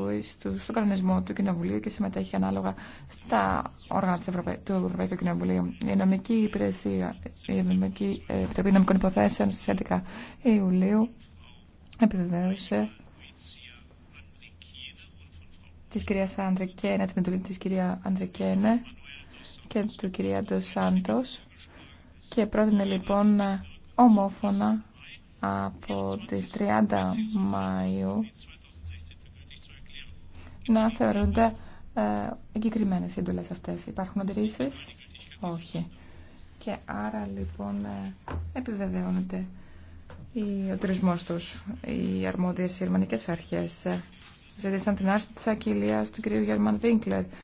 ακούει στον κανονισμό του Κοινοβουλίου και συμμετέχει ανάλογα στα όργανα της Ευρωπαϊ... του Ευρωπαϊκού Κοινοβουλίου. Η νομική υπηρεσία, η νομική ε, επιτροπή νομικών υποθέσεων στις 11 Ιουλίου επιβεβαίωσε τη κυρία, Ανδρικένε, την εντολή τη κυρία Ανδρικένε και του κυρία Ντοσάντος και πρότεινε λοιπόν ομόφωνα από τις 30 Μαΐου να θεωρούνται ε, εγκεκριμένε οι εντολέ αυτέ. Υπάρχουν αντιρρήσει, όχι. Και άρα λοιπόν ε, επιβεβαιώνεται ο τουρισμό του. Οι αρμόδιε γερμανικέ αρχέ ε, ζήτησαν την άρση τη ακυλία του κ. Γερμαν Βίνκλερ.